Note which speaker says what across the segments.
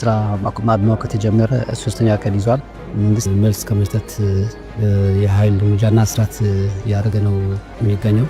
Speaker 1: ስራ ማቆም ከተጀመረ ሶስተኛ ቀን ይዟል። መንግስት መልስ ከመስጠት የኃይል እርምጃና ስርዓት እያደረገ ነው የሚገኘው።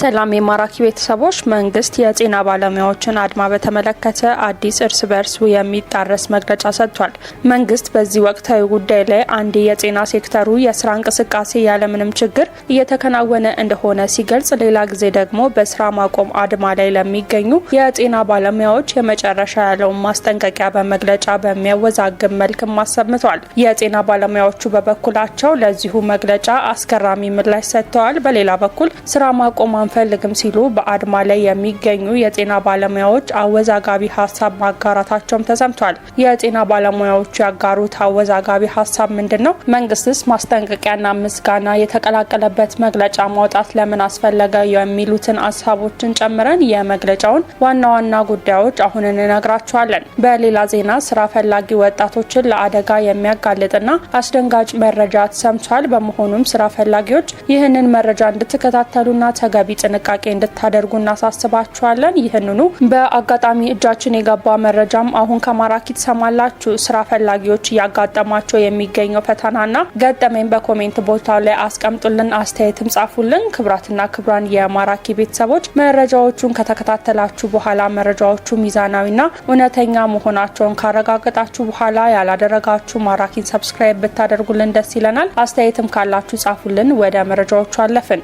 Speaker 1: ሰላም የማራኪ ቤተሰቦች፣ መንግስት የጤና ባለሙያዎችን አድማ በተመለከተ አዲስ እርስ በርስ የሚጣረስ መግለጫ ሰጥቷል። መንግስት በዚህ ወቅታዊ ጉዳይ ላይ አንድ የጤና ሴክተሩ የስራ እንቅስቃሴ ያለምንም ችግር እየተከናወነ እንደሆነ ሲገልጽ፣ ሌላ ጊዜ ደግሞ በስራ ማቆም አድማ ላይ ለሚገኙ የጤና ባለሙያዎች የመጨረሻ ያለውን ማስጠንቀቂያ በመግለጫ በሚያወዛግብ መልክም አሰምቷል። የጤና ባለሙያዎቹ በበኩላቸው ለዚሁ መግለጫ አስገራሚ ምላሽ ሰጥተዋል። በሌላ በኩል ስራ ማቆም አንፈልግም ሲሉ በአድማ ላይ የሚገኙ የጤና ባለሙያዎች አወዛጋቢ ሀሳብ ማጋራታቸውም ተሰምቷል። የጤና ባለሙያዎቹ ያጋሩት አወዛጋቢ ሀሳብ ምንድን ነው? መንግስትስ ማስጠንቀቂያና ምስጋና የተቀላቀለበት መግለጫ ማውጣት ለምን አስፈለገ? የሚሉትን ሀሳቦችን ጨምረን የመግለጫውን ዋና ዋና ጉዳዮች አሁን እንነግራችኋለን። በሌላ ዜና ስራ ፈላጊ ወጣቶችን ለአደጋ የሚያጋልጥና አስደንጋጭ መረጃ ተሰምቷል። በመሆኑም ስራ ፈላጊዎች ይህንን መረጃ እንድትከታተሉና ተገቢ ተገቢ ጥንቃቄ እንድታደርጉ እናሳስባችኋለን። ይህንኑ በአጋጣሚ እጃችን የገባ መረጃም አሁን ከማራኪ ትሰማላችሁ። ስራ ፈላጊዎች እያጋጠማቸው የሚገኘው ፈተናና ገጠመኝ በኮሜንት ቦታው ላይ አስቀምጡልን፣ አስተያየትም ጻፉልን። ክብራትና ክብራን የማራኪ ቤተሰቦች መረጃዎቹን ከተከታተላችሁ በኋላ መረጃዎቹ ሚዛናዊና እውነተኛ መሆናቸውን ካረጋገጣችሁ በኋላ ያላደረጋችሁ ማራኪን ሰብስክራይብ ብታደርጉልን ደስ ይለናል። አስተያየትም ካላችሁ ጻፉልን። ወደ መረጃዎቹ አለፍን።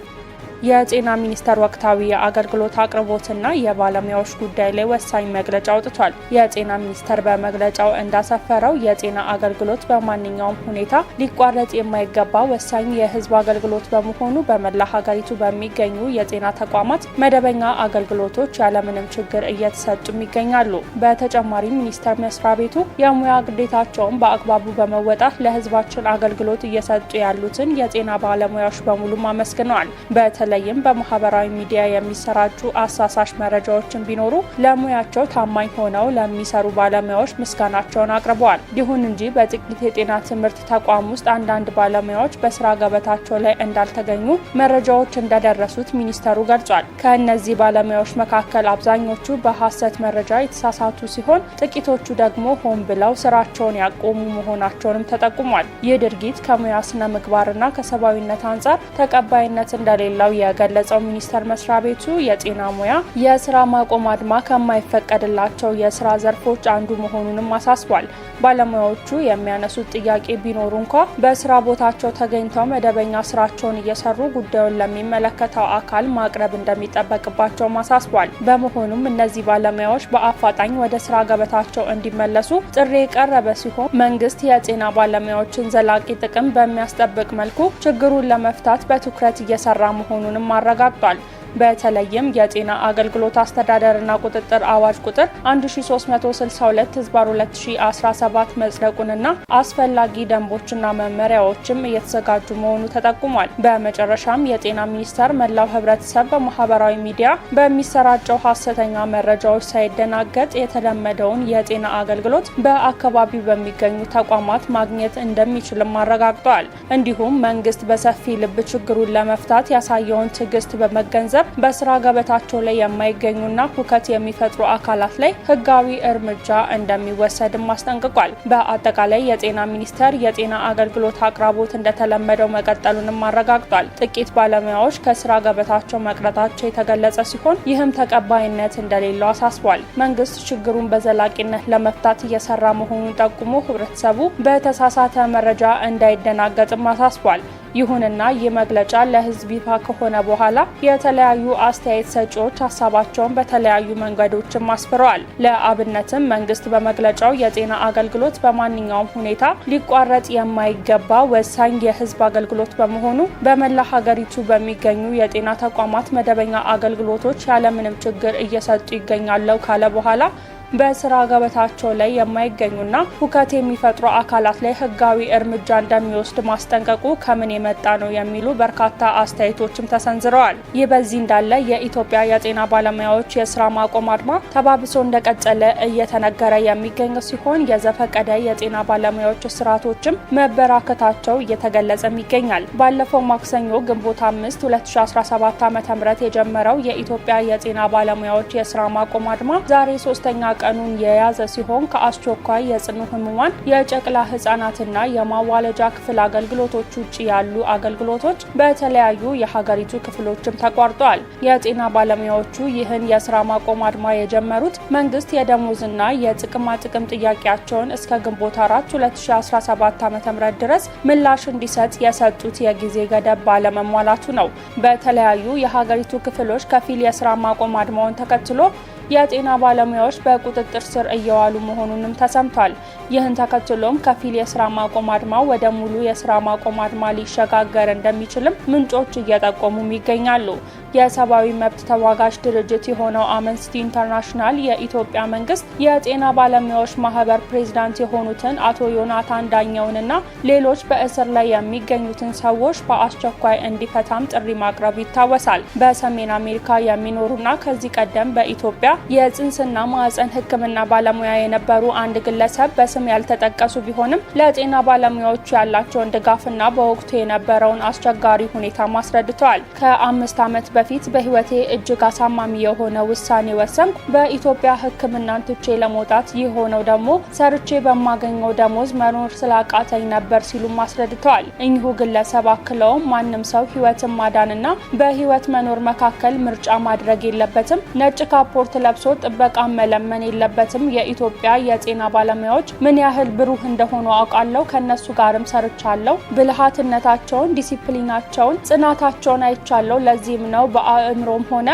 Speaker 1: የጤና ሚኒስቴር ወቅታዊ የአገልግሎት አቅርቦትና የባለሙያዎች ጉዳይ ላይ ወሳኝ መግለጫ አውጥቷል። የጤና ሚኒስቴር በመግለጫው እንዳሰፈረው የጤና አገልግሎት በማንኛውም ሁኔታ ሊቋረጥ የማይገባ ወሳኝ የሕዝብ አገልግሎት በመሆኑ በመላ ሀገሪቱ በሚገኙ የጤና ተቋማት መደበኛ አገልግሎቶች ያለምንም ችግር እየተሰጡም ይገኛሉ። በተጨማሪም ሚኒስቴር መስሪያ ቤቱ የሙያ ግዴታቸውን በአግባቡ በመወጣት ለሕዝባችን አገልግሎት እየሰጡ ያሉትን የጤና ባለሙያዎች በሙሉም አመስግነዋል። በተለይም በማህበራዊ ሚዲያ የሚሰራጩ አሳሳሽ መረጃዎችን ቢኖሩ ለሙያቸው ታማኝ ሆነው ለሚሰሩ ባለሙያዎች ምስጋናቸውን አቅርበዋል። ይሁን እንጂ በጥቂት የጤና ትምህርት ተቋም ውስጥ አንዳንድ ባለሙያዎች በስራ ገበታቸው ላይ እንዳልተገኙ መረጃዎች እንደደረሱት ሚኒስተሩ ገልጿል። ከእነዚህ ባለሙያዎች መካከል አብዛኞቹ በሀሰት መረጃ የተሳሳቱ ሲሆን፣ ጥቂቶቹ ደግሞ ሆን ብለው ስራቸውን ያቆሙ መሆናቸውንም ተጠቁሟል። ይህ ድርጊት ከሙያ ስነ ምግባርና ከሰብአዊነት አንጻር ተቀባይነት እንደሌለው የገለጸው ሚኒስቴር መስሪያ ቤቱ የጤና ሙያ የስራ ማቆም አድማ ከማይፈቀድላቸው የስራ ዘርፎች አንዱ መሆኑንም አሳስቧል። ባለሙያዎቹ የሚያነሱት ጥያቄ ቢኖሩ እንኳ በስራ ቦታቸው ተገኝተው መደበኛ ስራቸውን እየሰሩ ጉዳዩን ለሚመለከተው አካል ማቅረብ እንደሚጠበቅባቸውም አሳስቧል። በመሆኑም እነዚህ ባለሙያዎች በአፋጣኝ ወደ ስራ ገበታቸው እንዲመለሱ ጥሪ የቀረበ ሲሆን መንግስት የጤና ባለሙያዎችን ዘላቂ ጥቅም በሚያስጠብቅ መልኩ ችግሩን ለመፍታት በትኩረት እየሰራ መሆኑን መሆኑንም አረጋግጧል። በተለይም የጤና አገልግሎት አስተዳደርና ቁጥጥር አዋጅ ቁጥር 1362 ህዝባር 2017 መጽደቁንና አስፈላጊ ደንቦችና መመሪያዎችም እየተዘጋጁ መሆኑ ተጠቁሟል። በመጨረሻም የጤና ሚኒስቴር መላው ህብረተሰብ በማህበራዊ ሚዲያ በሚሰራጨው ሀሰተኛ መረጃዎች ሳይደናገጥ የተለመደውን የጤና አገልግሎት በአካባቢው በሚገኙ ተቋማት ማግኘት እንደሚችልም አረጋግጠዋል። እንዲሁም መንግስት በሰፊ ልብ ችግሩን ለመፍታት ያሳየውን ትዕግስት በመገንዘብ በማቅረብ በስራ ገበታቸው ላይ የማይገኙና ሁከት የሚፈጥሩ አካላት ላይ ህጋዊ እርምጃ እንደሚወሰድም አስጠንቅቋል። በአጠቃላይ የጤና ሚኒስቴር የጤና አገልግሎት አቅራቦት እንደተለመደው መቀጠሉንም አረጋግጧል። ጥቂት ባለሙያዎች ከስራ ገበታቸው መቅረታቸው የተገለጸ ሲሆን ይህም ተቀባይነት እንደሌለው አሳስቧል። መንግስት ችግሩን በዘላቂነት ለመፍታት እየሰራ መሆኑን ጠቁሞ ህብረተሰቡ በተሳሳተ መረጃ እንዳይደናገጥም አሳስቧል። ይሁንና ይህ መግለጫ ለህዝብ ይፋ ከሆነ በኋላ የተለያዩ አስተያየት ሰጪዎች ሀሳባቸውን በተለያዩ መንገዶችም አስፍረዋል። ለአብነትም መንግስት በመግለጫው የጤና አገልግሎት በማንኛውም ሁኔታ ሊቋረጥ የማይገባ ወሳኝ የህዝብ አገልግሎት በመሆኑ በመላ ሀገሪቱ በሚገኙ የጤና ተቋማት መደበኛ አገልግሎቶች ያለምንም ችግር እየሰጡ ይገኛለው ካለ በኋላ በስራ ገበታቸው ላይ የማይገኙና ሁከት የሚፈጥሩ አካላት ላይ ህጋዊ እርምጃ እንደሚወስድ ማስጠንቀቁ ከምን የመጣ ነው የሚሉ በርካታ አስተያየቶችም ተሰንዝረዋል። ይህ በዚህ እንዳለ የኢትዮጵያ የጤና ባለሙያዎች የስራ ማቆም አድማ ተባብሶ እንደቀጠለ እየተነገረ የሚገኝ ሲሆን የዘፈቀደ የጤና ባለሙያዎች ስርዓቶችም መበራከታቸው እየተገለጸም ይገኛል። ባለፈው ማክሰኞ ግንቦት አምስት 2017 ዓ ም የጀመረው የኢትዮጵያ የጤና ባለሙያዎች የስራ ማቆም አድማ ዛሬ ሶስተኛ ቀኑን የያዘ ሲሆን ከአስቸኳይ የጽኑ ህሙማን የጨቅላ ህጻናትና የማዋለጃ ክፍል አገልግሎቶች ውጭ ያሉ አገልግሎቶች በተለያዩ የሀገሪቱ ክፍሎችም ተቋርጠዋል። የጤና ባለሙያዎቹ ይህን የስራ ማቆም አድማ የጀመሩት መንግስት የደሞዝና የጥቅማ ጥቅም ጥያቄያቸውን እስከ ግንቦት 4 2017 ዓ.ም ድረስ ምላሽ እንዲሰጥ የሰጡት የጊዜ ገደብ ባለመሟላቱ ነው። በተለያዩ የሀገሪቱ ክፍሎች ከፊል የስራ ማቆም አድማውን ተከትሎ የጤና ባለሙያዎች በቁጥጥር ስር እየዋሉ መሆኑንም ተሰምቷል። ይህን ተከትሎም ከፊል የስራ ማቆም አድማው ወደ ሙሉ የስራ ማቆም አድማ ሊሸጋገር እንደሚችልም ምንጮች እየጠቆሙም ይገኛሉ። የሰብአዊ መብት ተሟጋች ድርጅት የሆነው አምነስቲ ኢንተርናሽናል የኢትዮጵያ መንግስት የጤና ባለሙያዎች ማህበር ፕሬዝዳንት የሆኑትን አቶ ዮናታን ዳኘውንና ሌሎች በእስር ላይ የሚገኙትን ሰዎች በአስቸኳይ እንዲፈታም ጥሪ ማቅረብ ይታወሳል። በሰሜን አሜሪካ የሚኖሩና ከዚህ ቀደም በኢትዮጵያ የጽንስና ማዕፀን ሕክምና ባለሙያ የነበሩ አንድ ግለሰብ በስም ያልተጠቀሱ ቢሆንም ለጤና ባለሙያዎቹ ያላቸውን ድጋፍና በወቅቱ የነበረውን አስቸጋሪ ሁኔታም አስረድተዋል። ከአምስት ዓመት በፊት በህይወቴ እጅግ አሳማሚ የሆነ ውሳኔ ወሰንኩ። በኢትዮጵያ ህክምናን ትቼ ለመውጣት የሆነው ደግሞ ሰርቼ በማገኘው ደሞዝ መኖር ስላቃተኝ ነበር ሲሉም አስረድተዋል። እኚሁ ግለሰብ አክለውም ማንም ሰው ህይወትን ማዳንና በህይወት መኖር መካከል ምርጫ ማድረግ የለበትም፣ ነጭ ካፖርት ለብሶ ጥበቃ መለመን የለበትም። የኢትዮጵያ የጤና ባለሙያዎች ምን ያህል ብሩህ እንደሆኑ አውቃለሁ። ከነሱ ጋርም ሰርቻለሁ። ብልሃትነታቸውን፣ ዲሲፕሊናቸውን፣ ጽናታቸውን አይቻለሁ። ለዚህም ነው በአእምሮም ሆነ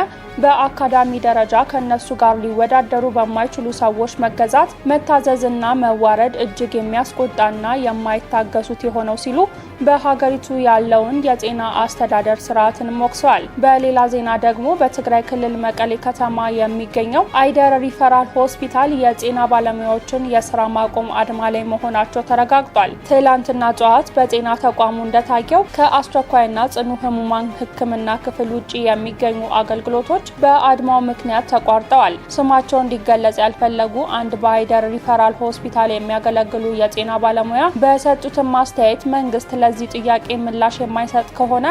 Speaker 1: በአካዳሚ ደረጃ ከነሱ ጋር ሊወዳደሩ በማይችሉ ሰዎች መገዛት፣ መታዘዝና መዋረድ እጅግ የሚያስቆጣና የማይታገሱት የሆነው ሲሉ በሀገሪቱ ያለውን የጤና አስተዳደር ስርዓትን ሞክሰዋል። በሌላ ዜና ደግሞ በትግራይ ክልል መቀሌ ከተማ የሚገኘው አይደር ሪፈራል ሆስፒታል የጤና ባለሙያዎችን የስራ ማቆም አድማ ላይ መሆናቸው ተረጋግጧል። ትላንትና ጠዋት በጤና ተቋሙ እንደታየው ከአስቸኳይና ጽኑ ህሙማን ሕክምና ክፍል ውጭ የሚገኙ አገልግሎቶች ሰዎች በአድማው ምክንያት ተቋርጠዋል። ስማቸው እንዲገለጽ ያልፈለጉ አንድ በሀይደር ሪፈራል ሆስፒታል የሚያገለግሉ የጤና ባለሙያ በሰጡትን ማስተያየት መንግስት ለዚህ ጥያቄ ምላሽ የማይሰጥ ከሆነ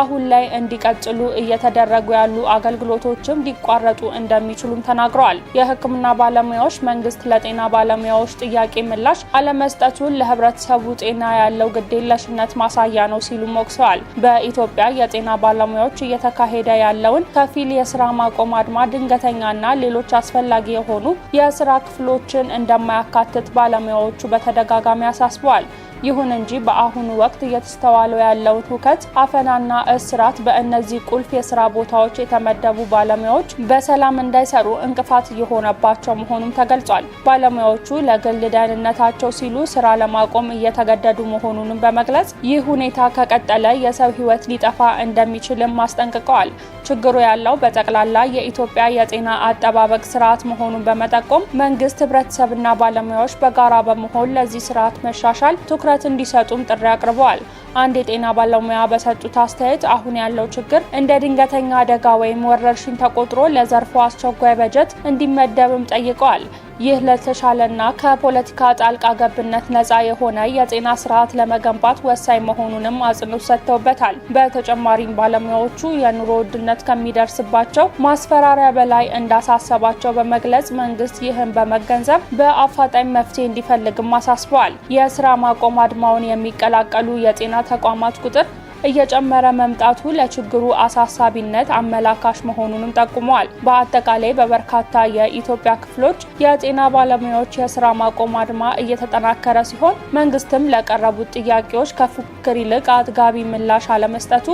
Speaker 1: አሁን ላይ እንዲቀጥሉ እየተደረጉ ያሉ አገልግሎቶችም ሊቋረጡ እንደሚችሉም ተናግረዋል። የህክምና ባለሙያዎች መንግስት ለጤና ባለሙያዎች ጥያቄ ምላሽ አለመስጠቱን ለህብረተሰቡ ጤና ያለው ግዴለሽነት ማሳያ ነው ሲሉም ወቅሰዋል። በኢትዮጵያ የጤና ባለሙያዎች እየተካሄደ ያለውን ከፊል የስ የስራ ማቆም አድማ ድንገተኛና ሌሎች አስፈላጊ የሆኑ የስራ ክፍሎችን እንደማያካትት ባለሙያዎቹ በተደጋጋሚ አሳስበዋል። ይሁን እንጂ በአሁኑ ወቅት እየተስተዋለው ያለውን ሁከት፣ አፈናና እስራት በእነዚህ ቁልፍ የስራ ቦታዎች የተመደቡ ባለሙያዎች በሰላም እንዳይሰሩ እንቅፋት እየሆነባቸው መሆኑም ተገልጿል። ባለሙያዎቹ ለግል ደህንነታቸው ሲሉ ስራ ለማቆም እየተገደዱ መሆኑንም በመግለጽ ይህ ሁኔታ ከቀጠለ የሰው ሕይወት ሊጠፋ እንደሚችልም አስጠንቅቀዋል። ችግሩ ያለው በጠቅላላ የኢትዮጵያ የጤና አጠባበቅ ስርዓት መሆኑን በመጠቆም መንግስት፣ ህብረተሰብና ባለሙያዎች በጋራ በመሆን ለዚህ ስርዓት መሻሻል ትኩረት ትኩረት እንዲሰጡም ጥሪ አቅርበዋል። አንድ የጤና ባለሙያ በሰጡት አስተያየት አሁን ያለው ችግር እንደ ድንገተኛ አደጋ ወይም ወረርሽኝ ተቆጥሮ ለዘርፉ አስቸኳይ በጀት እንዲመደብም ጠይቀዋል። ይህ ለተሻለና ከፖለቲካ ጣልቃ ገብነት ነጻ የሆነ የጤና ስርዓት ለመገንባት ወሳኝ መሆኑንም አጽንኦት ሰጥተውበታል። በተጨማሪም ባለሙያዎቹ የኑሮ ውድነት ከሚደርስባቸው ማስፈራሪያ በላይ እንዳሳሰባቸው በመግለጽ መንግስት ይህን በመገንዘብ በአፋጣኝ መፍትሄ እንዲፈልግም አሳስበዋል። የስራ ማቆም አድማውን የሚቀላቀሉ የጤና ተቋማት ቁጥር እየጨመረ መምጣቱ ለችግሩ አሳሳቢነት አመላካሽ መሆኑንም ጠቁመዋል። በአጠቃላይ በበርካታ የኢትዮጵያ ክፍሎች የጤና ባለሙያዎች የስራ ማቆም አድማ እየተጠናከረ ሲሆን መንግስትም ለቀረቡት ጥያቄዎች ከፉክክር ይልቅ አጥጋቢ ምላሽ አለመስጠቱ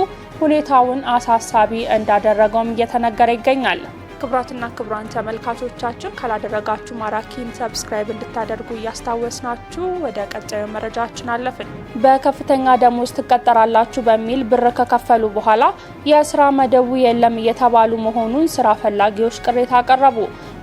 Speaker 1: ሁኔታውን አሳሳቢ እንዳደረገውም እየተነገረ ይገኛል። ክቡራትና ክቡራን ተመልካቾቻችን ካላደረጋችሁ ማራኪን ሰብስክራይብ እንድታደርጉ እያስታወስናችሁ ወደ ቀጣዩ መረጃችን አለፍን። በከፍተኛ ደሞዝ ትቀጠራላችሁ በሚል ብር ከከፈሉ በኋላ የስራ መደቡ የለም እየተባሉ መሆኑን ስራ ፈላጊዎች ቅሬታ አቀረቡ።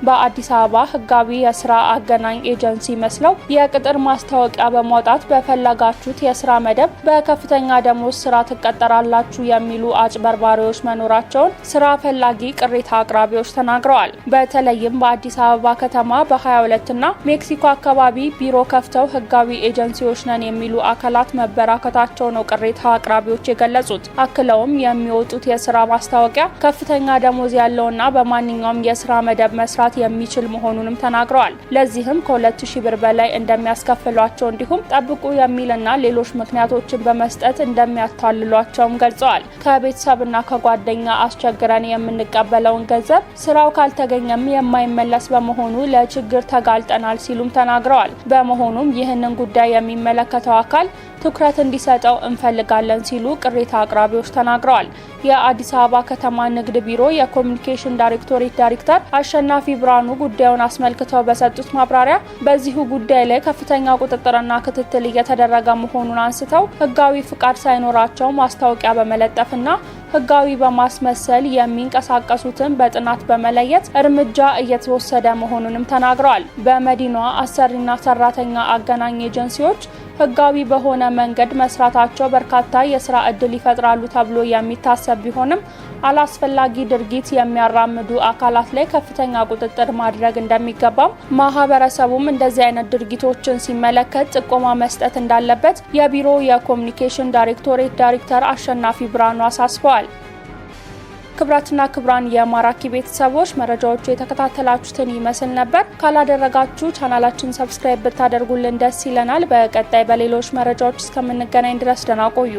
Speaker 1: በአዲስ አበባ ህጋዊ የስራ አገናኝ ኤጀንሲ መስለው የቅጥር ማስታወቂያ በማውጣት በፈለጋችሁት የስራ መደብ በከፍተኛ ደሞዝ ስራ ትቀጠራላችሁ የሚሉ አጭበርባሪዎች መኖራቸውን ስራ ፈላጊ ቅሬታ አቅራቢዎች ተናግረዋል። በተለይም በአዲስ አበባ ከተማ በ22 እና ሜክሲኮ አካባቢ ቢሮ ከፍተው ህጋዊ ኤጀንሲዎች ነን የሚሉ አካላት መበራከታቸው ነው ቅሬታ አቅራቢዎች የገለጹት። አክለውም የሚወጡት የስራ ማስታወቂያ ከፍተኛ ደሞዝ ያለውና በማንኛውም የስራ መደብ መስራት መግዛት የሚችል መሆኑንም ተናግረዋል። ለዚህም ከ ሺ ብር በላይ እንደሚያስከፍሏቸው እንዲሁም ጠብቁ የሚልና ሌሎች ምክንያቶችን በመስጠት እንደሚያታልሏቸውም ገልጸዋል። ከቤተሰብና ከጓደኛ አስቸግረን የምንቀበለውን ገንዘብ ስራው ካልተገኘም የማይመለስ በመሆኑ ለችግር ተጋልጠናል ሲሉም ተናግረዋል። በመሆኑም ይህንን ጉዳይ የሚመለከተው አካል ትኩረት እንዲሰጠው እንፈልጋለን ሲሉ ቅሬታ አቅራቢዎች ተናግረዋል። የአዲስ አበባ ከተማ ንግድ ቢሮ የኮሚኒኬሽን ዳይሬክቶሬት ዳይሬክተር አሸናፊ ብርሃኑ ጉዳዩን አስመልክተው በሰጡት ማብራሪያ በዚሁ ጉዳይ ላይ ከፍተኛ ቁጥጥርና ክትትል እየተደረገ መሆኑን አንስተው ህጋዊ ፍቃድ ሳይኖራቸው ማስታወቂያ በመለጠፍና ህጋዊ በማስመሰል የሚንቀሳቀሱትን በጥናት በመለየት እርምጃ እየተወሰደ መሆኑንም ተናግረዋል። በመዲናዋ አሰሪና ሰራተኛ አገናኝ ኤጀንሲዎች ህጋዊ በሆነ መንገድ መስራታቸው በርካታ የስራ እድል ይፈጥራሉ ተብሎ የሚታሰብ ቢሆንም አላስፈላጊ ድርጊት የሚያራምዱ አካላት ላይ ከፍተኛ ቁጥጥር ማድረግ እንደሚገባም ማህበረሰቡም እንደዚህ አይነት ድርጊቶችን ሲመለከት ጥቆማ መስጠት እንዳለበት የቢሮ የኮሚኒኬሽን ዳይሬክቶሬት ዳይሬክተር አሸናፊ ብርሃኑ አሳስበዋል። ክብራትና ክብራን የማራኪ ቤተሰቦች መረጃዎቹ የተከታተላችሁትን ይመስል ነበር። ካላደረጋችሁ ቻናላችን ሰብስክራይብ ብታደርጉልን ደስ ይለናል። በቀጣይ በሌሎች መረጃዎች እስከምንገናኝ ድረስ ደህና ቆዩ።